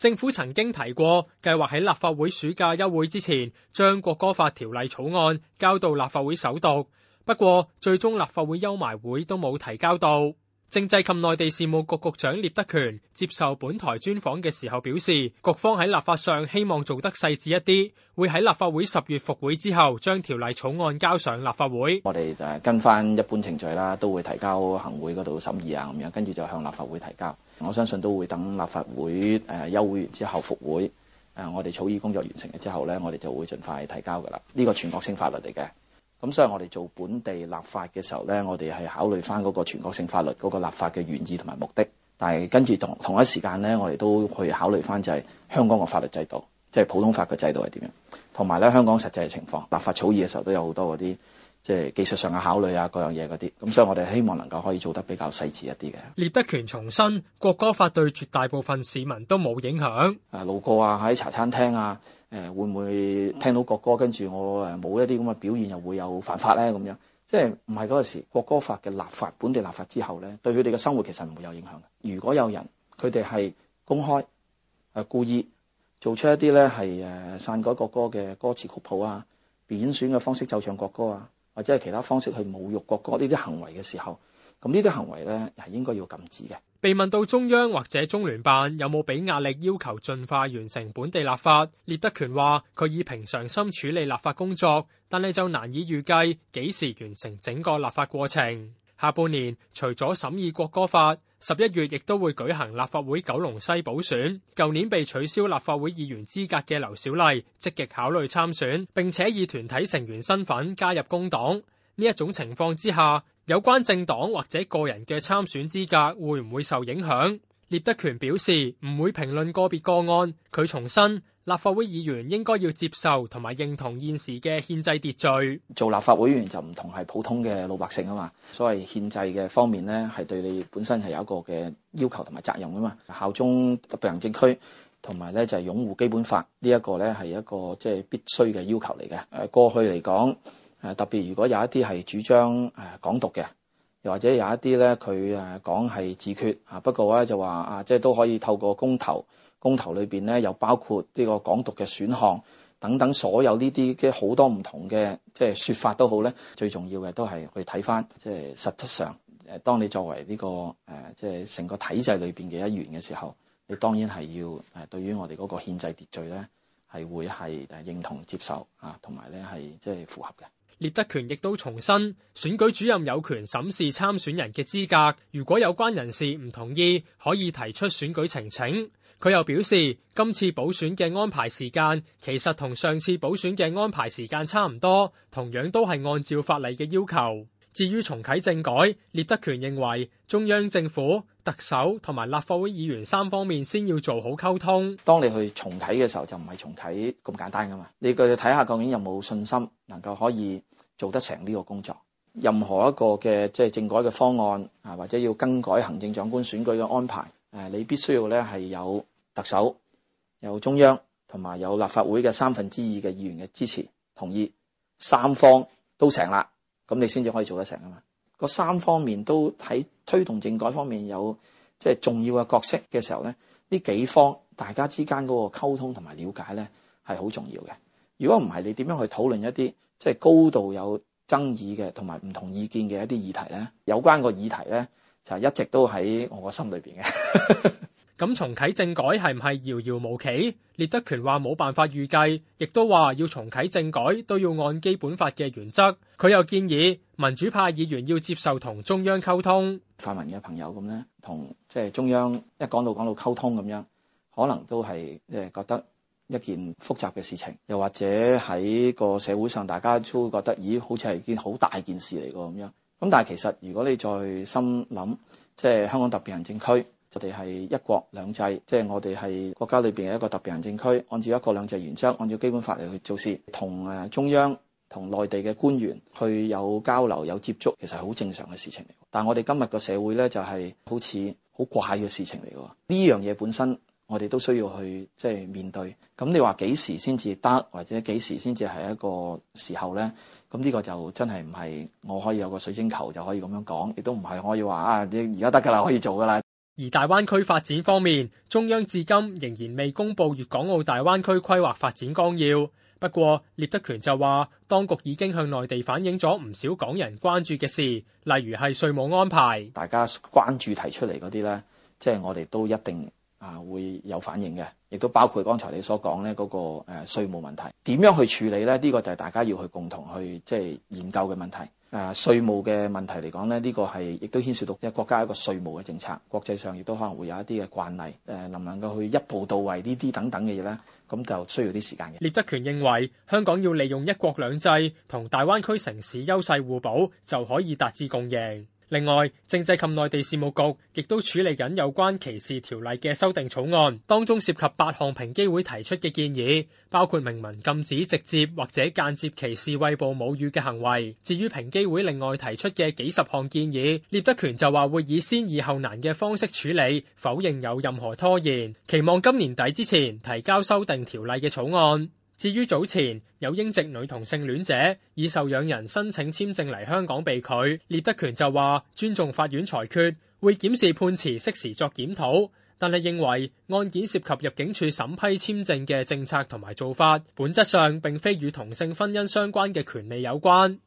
政府曾經提過計劃喺立法會暑假休會之前，將國歌法條例草案交到立法會首讀，不過最終立法會休埋會都冇提交到。政制及內地事務局局長聶德權接受本台專訪嘅時候表示，局方喺立法上希望做得細緻一啲，會喺立法會十月復會之後將條例草案交上立法會。我哋就跟翻一般程序啦，都會提交行會嗰度審議啊，咁樣跟住就向立法會提交。我相信都會等立法會誒休會完之後復會，誒我哋草擬工作完成之後呢，我哋就會盡快提交噶啦。呢個全國性法律嚟嘅。咁所以，我哋做本地立法嘅時候咧，我哋係考慮翻嗰個全國性法律嗰個立法嘅原意同埋目的，但係跟住同同一時間咧，我哋都去考慮翻就係香港嘅法律制度，即係普通法嘅制度係點樣，同埋咧香港實際嘅情況。立法草擬嘅時候都有好多嗰啲。即係技術上嘅考慮啊，嗰樣嘢嗰啲，咁、嗯、所以我哋希望能夠可以做得比較細緻一啲嘅。聶德權重申國歌法對絕大部分市民都冇影響。啊，路過啊，喺茶餐廳啊，誒、呃、會唔會聽到國歌，跟住我誒冇一啲咁嘅表現又會有犯法咧？咁樣即係唔係嗰個時國歌法嘅立法本地立法之後咧，對佢哋嘅生活其實唔會有影響。如果有人佢哋係公開誒、呃、故意做出一啲咧係誒篡改國歌嘅歌詞曲譜啊、貶損嘅方式奏唱國歌啊，或者係其他方式去侮辱國歌呢啲行為嘅時候，咁呢啲行為呢係應該要禁止嘅。被問到中央或者中聯辦有冇俾壓力要求盡快完成本地立法，聶德權話佢以平常心處理立法工作，但係就難以預計幾時完成整個立法過程。下半年除咗審議國歌法，十一月亦都會舉行立法會九龍西補選，舊年被取消立法會議員資格嘅劉小麗積極考慮參選，並且以團體成員身份加入工黨。呢一種情況之下，有關政黨或者個人嘅參選資格會唔會受影響？聶德權表示唔會評論個別個案，佢重申立法會議員應該要接受同埋認同現時嘅憲制秩序。做立法會議員就唔同係普通嘅老百姓啊嘛，所謂憲制嘅方面咧，係對你本身係有一個嘅要求同埋責任啊嘛。效忠特別行政區，同埋咧就係擁護基本法呢一個咧係一個即係必須嘅要求嚟嘅。誒過去嚟講，誒特別如果有一啲係主張誒港獨嘅。又或者有一啲咧，佢誒講係自決啊，不過咧、啊、就話啊，即係都可以透過公投，公投裏邊咧又包括呢個港獨嘅選項等等，所有呢啲嘅好多唔同嘅即係説法都好咧。最重要嘅都係去睇返，即係實質上誒，當你作為呢、這個誒、呃、即係成個體制裏邊嘅一員嘅時候，你當然係要誒對於我哋嗰個憲制秩序咧係會係認同接受啊，同埋咧係即係符合嘅。聶德權亦都重申，選舉主任有權審視參選人嘅資格，如果有關人士唔同意，可以提出選舉呈請。佢又表示，今次補選嘅安排時間其實同上次補選嘅安排時間差唔多，同樣都係按照法例嘅要求。至於重啟政改，聶德權認為中央政府、特首同埋立法會議員三方面先要做好溝通。當你去重啟嘅時候，就唔係重啟咁簡單噶嘛？你哋睇下究竟有冇信心能夠可以做得成呢個工作，任何一個嘅即係政改嘅方案啊，或者要更改行政長官選舉嘅安排，誒，你必須要咧係有特首、有中央同埋有，有立法會嘅三分之二嘅議員嘅支持同意，三方都成啦。咁你先至可以做得成啊嘛！個三方面都喺推動政改方面有即係重要嘅角色嘅時候咧，呢幾方大家之間嗰個溝通同埋了解咧係好重要嘅。如果唔係，你點樣去討論一啲即係高度有爭議嘅同埋唔同意見嘅一啲議題咧？有關個議題咧，就一直都喺我個心裏邊嘅。咁重啟政改係唔係遙遙無期？聶德權話冇辦法預計，亦都話要重啟政改都要按基本法嘅原則。佢又建議民主派議員要接受同中央溝通。泛民嘅朋友咁咧，同即係中央一講到講到溝通咁樣，可能都係即係覺得一件複雜嘅事情，又或者喺個社會上大家都會覺得咦，好似係件好大件事嚟個咁樣。咁但係其實如果你再深諗，即係香港特別行政區。我哋係一國兩制，即係我哋係國家裏邊一個特別行政區，按照一國兩制原則，按照基本法嚟去做事，同誒中央同內地嘅官員去有交流有接觸，其實係好正常嘅事情嚟。但係我哋今日個社會咧，就係好似好怪嘅事情嚟。呢樣嘢本身我哋都需要去即係面對。咁你話幾時先至得，或者幾時先至係一個時候咧？咁呢個就真係唔係我可以有個水晶球就可以咁樣講，亦都唔係可以話啊！而家得㗎啦，可以做㗎啦。而大灣區發展方面，中央至今仍然未公布粵港澳大灣區規劃發展綱要。不過，聶德權就話，當局已經向內地反映咗唔少港人關注嘅事，例如係稅務安排。大家關注提出嚟嗰啲咧，即係我哋都一定。啊，會有反應嘅，亦都包括剛才你所講呢嗰個誒稅務問題，點樣去處理呢？呢、這個就係大家要去共同去即研究嘅問題。誒、啊，稅務嘅問題嚟講咧，呢、這個係亦都牽涉到即係國家一個稅務嘅政策，國際上亦都可能會有一啲嘅慣例，誒、呃、能唔能夠去一步到位呢啲等等嘅嘢呢？咁就需要啲時間嘅。聶德權認為，香港要利用一國兩制同大灣區城市優勢互補，就可以達至共贏。另外，政制及內地事務局亦都處理緊有關歧視條例嘅修訂草案，當中涉及八項平機會提出嘅建議，包括明文禁止直接或者間接歧視餵哺母乳嘅行為。至於平機會另外提出嘅幾十項建議，聶德權就話會以先易後難嘅方式處理，否認有任何拖延，期望今年底之前提交修訂條例嘅草案。至於早前有英籍女同性戀者以受養人申請簽證嚟香港被拒，聶德權就話尊重法院裁決，會檢視判詞，適時作檢討。但係認為案件涉及入境處審批簽證嘅政策同埋做法，本質上並非與同性婚姻相關嘅權利有關。